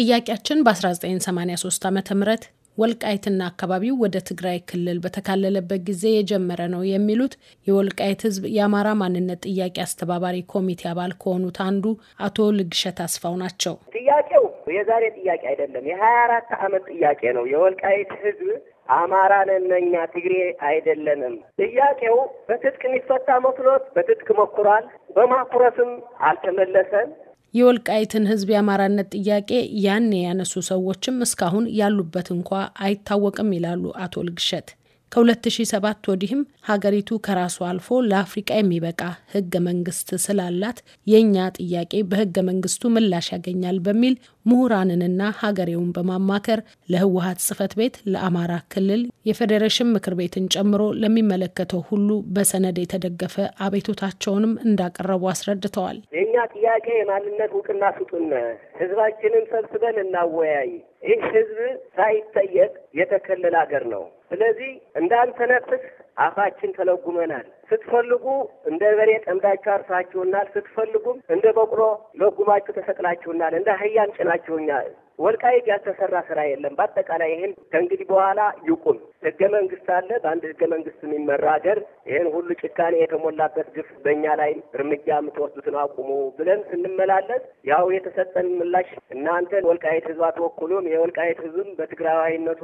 ጥያቄያችን በ1983 ዓ ም ወልቃይትና አካባቢው ወደ ትግራይ ክልል በተካለለበት ጊዜ የጀመረ ነው የሚሉት የወልቃይት ሕዝብ የአማራ ማንነት ጥያቄ አስተባባሪ ኮሚቴ አባል ከሆኑት አንዱ አቶ ልግሸት አስፋው ናቸው። ጥያቄው የዛሬ ጥያቄ አይደለም፣ የሀያ አራት ዓመት ጥያቄ ነው። የወልቃይት ሕዝብ አማራ ነን እኛ ትግሬ አይደለንም። ጥያቄው በትጥቅ የሚፈታ መስሎት በትጥቅ መኩራል በማኩረስም አልተመለሰም። የወልቃይትን ህዝብ የአማራነት ጥያቄ ያኔ ያነሱ ሰዎችም እስካሁን ያሉበት እንኳ አይታወቅም ይላሉ አቶ ልግሸት። ከ2007 ወዲህም ሀገሪቱ ከራሱ አልፎ ለአፍሪቃ የሚበቃ ህገ መንግስት ስላላት የእኛ ጥያቄ በህገ መንግስቱ ምላሽ ያገኛል በሚል ምሁራንንና ሀገሬውን በማማከር ለህወሀት ጽህፈት ቤት፣ ለአማራ ክልል የፌዴሬሽን ምክር ቤትን ጨምሮ ለሚመለከተው ሁሉ በሰነድ የተደገፈ አቤቱታቸውንም እንዳቀረቡ አስረድተዋል። ጥያቄ የማንነት እውቅና ስጡን፣ ህዝባችንን ሰብስበን እናወያይ። ይህ ህዝብ ሳይጠየቅ የተከለለ ሀገር ነው። ስለዚህ እንዳንተነፍስ አፋችን ተለጉመናል። ስትፈልጉ እንደ በሬ ጠምዳችሁ አርሳችሁናል፣ ስትፈልጉም እንደ በቅሎ ለጉማችሁ ተሰቅላችሁናል፣ እንደ አህያም ጭናችሁኛል። ወልቃይት ያልተሰራ ስራ የለም። በአጠቃላይ ይህን ከእንግዲህ በኋላ ይቁም። ህገ መንግስት አለ። በአንድ ህገ መንግስት የሚመራ ሀገር ይህን ሁሉ ጭካኔ የተሞላበት ግፍ በእኛ ላይ እርምጃ የምትወስዱትን አቁሙ ብለን ስንመላለስ ያው የተሰጠን ምላሽ እናንተ ወልቃይት ህዝብ አትወክሉም፣ የወልቃይት ህዝብም በትግራዋይነቱ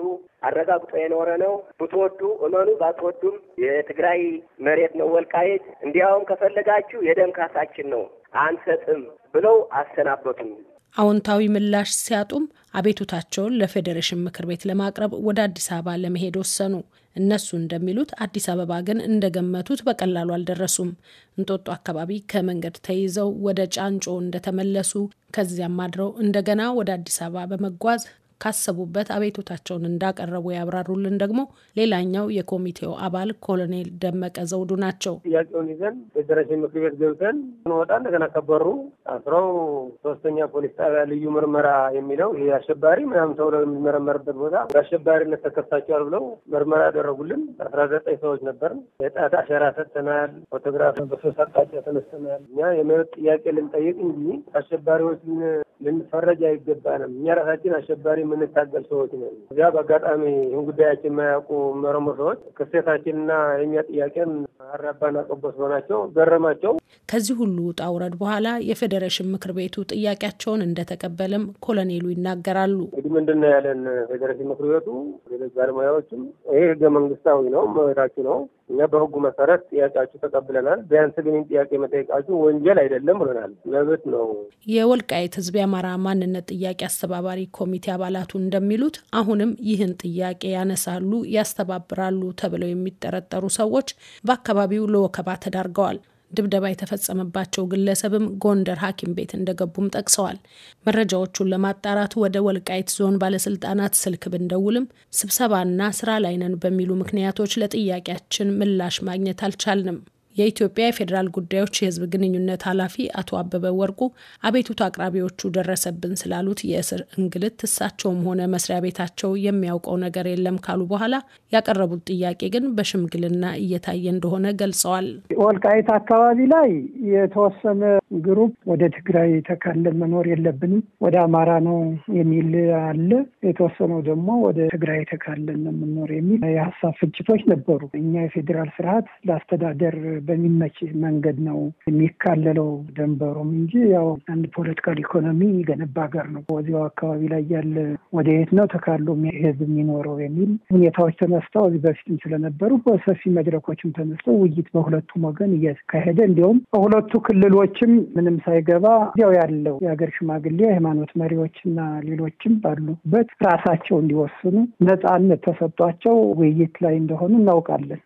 አረጋግጦ የኖረ ነው። ብትወዱ እመኑ፣ ባትወዱም የትግራይ መሬት ነው ወልቃየት፣ እንዲያውም ከፈለጋችሁ የደም ካሳችን ነው አንሰጥም ብለው አሰናበቱን። አዎንታዊ ምላሽ ሲያጡም አቤቱታቸውን ለፌዴሬሽን ምክር ቤት ለማቅረብ ወደ አዲስ አበባ ለመሄድ ወሰኑ። እነሱ እንደሚሉት አዲስ አበባ ግን እንደገመቱት በቀላሉ አልደረሱም። እንጦጦ አካባቢ ከመንገድ ተይዘው ወደ ጫንጮ እንደተመለሱ ከዚያም አድረው እንደገና ወደ አዲስ አበባ በመጓዝ ካሰቡበት አቤቱታቸውን እንዳቀረቡ ያብራሩልን ደግሞ ሌላኛው የኮሚቴው አባል ኮሎኔል ደመቀ ዘውዱ ናቸው። ጥያቄውን ይዘን ፌዴሬሽን ምክር ቤት ገብተን እንወጣ እንደገና ከበሩ አስረው ሶስተኛ ፖሊስ ጣቢያ ልዩ ምርመራ የሚለው ይህ አሸባሪ ምናምን ተብለው የሚመረመርበት ቦታ በአሸባሪነት ተከሳቸዋል ብለው ምርመራ ያደረጉልን አስራ ዘጠኝ ሰዎች ነበር። የጣት አሸራ ሰጥተናል። ፎቶግራፍ በሶስት አቅጣጫ ተነስተናል። እኛ የመብት ጥያቄ ልንጠይቅ እንጂ አሸባሪዎችን ልንፈረጅ አይገባንም። እኛ ራሳችን አሸባሪ የምንታገል ሰዎች ነን። እዚያ በአጋጣሚ ይህን ጉዳያችን የማያውቁ መረሙ ሰዎች ክሴታችንና የእኛ ጥያቄን አራባና ቆቦስ መሆናቸው ገረማቸው። ከዚህ ሁሉ ውጣ ውረድ በኋላ የፌዴሬሽን ምክር ቤቱ ጥያቄያቸውን እንደተቀበለም ኮሎኔሉ ይናገራሉ። እንግዲህ ምንድን ነው ያለን ፌዴሬሽን ምክር ቤቱ ሌሎች ባለሙያዎችም ይሄ ህገ መንግስታዊ ነው መብታችሁ ነው እኛ በህጉ መሰረት ጥያቄያችሁ ተቀብለናል። ቢያንስ ግን ጥያቄ መጠየቃችሁ ወንጀል አይደለም ብለናል። መብት ነው። የወልቃይት ህዝብ የአማራ ማንነት ጥያቄ አስተባባሪ ኮሚቴ አባላቱ እንደሚሉት አሁንም ይህን ጥያቄ ያነሳሉ፣ ያስተባብራሉ ተብለው የሚጠረጠሩ ሰዎች በአካባቢ በአካባቢው ለወከባ ተዳርገዋል። ድብደባ የተፈጸመባቸው ግለሰብም ጎንደር ሐኪም ቤት እንደገቡም ጠቅሰዋል። መረጃዎቹን ለማጣራት ወደ ወልቃይት ዞን ባለስልጣናት ስልክ ብንደውልም ስብሰባና ስራ ላይ ነን በሚሉ ምክንያቶች ለጥያቄያችን ምላሽ ማግኘት አልቻልንም። የኢትዮጵያ የፌዴራል ጉዳዮች የህዝብ ግንኙነት ኃላፊ አቶ አበበ ወርቁ አቤቱታ አቅራቢዎቹ ደረሰብን ስላሉት የእስር እንግልት እሳቸውም ሆነ መስሪያ ቤታቸው የሚያውቀው ነገር የለም ካሉ በኋላ ያቀረቡት ጥያቄ ግን በሽምግልና እየታየ እንደሆነ ገልጸዋል። ወልቃይት አካባቢ ላይ የተወሰነ ግሩፕ ወደ ትግራይ ተካለን መኖር የለብንም ወደ አማራ ነው የሚል አለ። የተወሰነው ደግሞ ወደ ትግራይ ተካለን ነው የምንኖር የሚል የሀሳብ ፍጭቶች ነበሩ። እኛ የፌዴራል ስርዓት ለአስተዳደር በሚመች መንገድ ነው የሚካለለው ደንበሩም እንጂ ያው አንድ ፖለቲካል ኢኮኖሚ ገነባ ሀገር ነው። ወዚያው አካባቢ ላይ ያለ ወደ የት ነው ተካሎ ህዝብ የሚኖረው የሚል ሁኔታዎች ተነስተው እዚህ በፊትም ስለነበሩ በሰፊ መድረኮችም ተነስተው ውይይት በሁለቱም ወገን እያካሄደ እንዲሁም በሁለቱ ክልሎችም ምንም ሳይገባ እዚያው ያለው የሀገር ሽማግሌ የሃይማኖት መሪዎችና ሌሎችም ባሉበት ራሳቸው እንዲወስኑ ነፃነት ተሰጧቸው ውይይት ላይ እንደሆኑ እናውቃለን።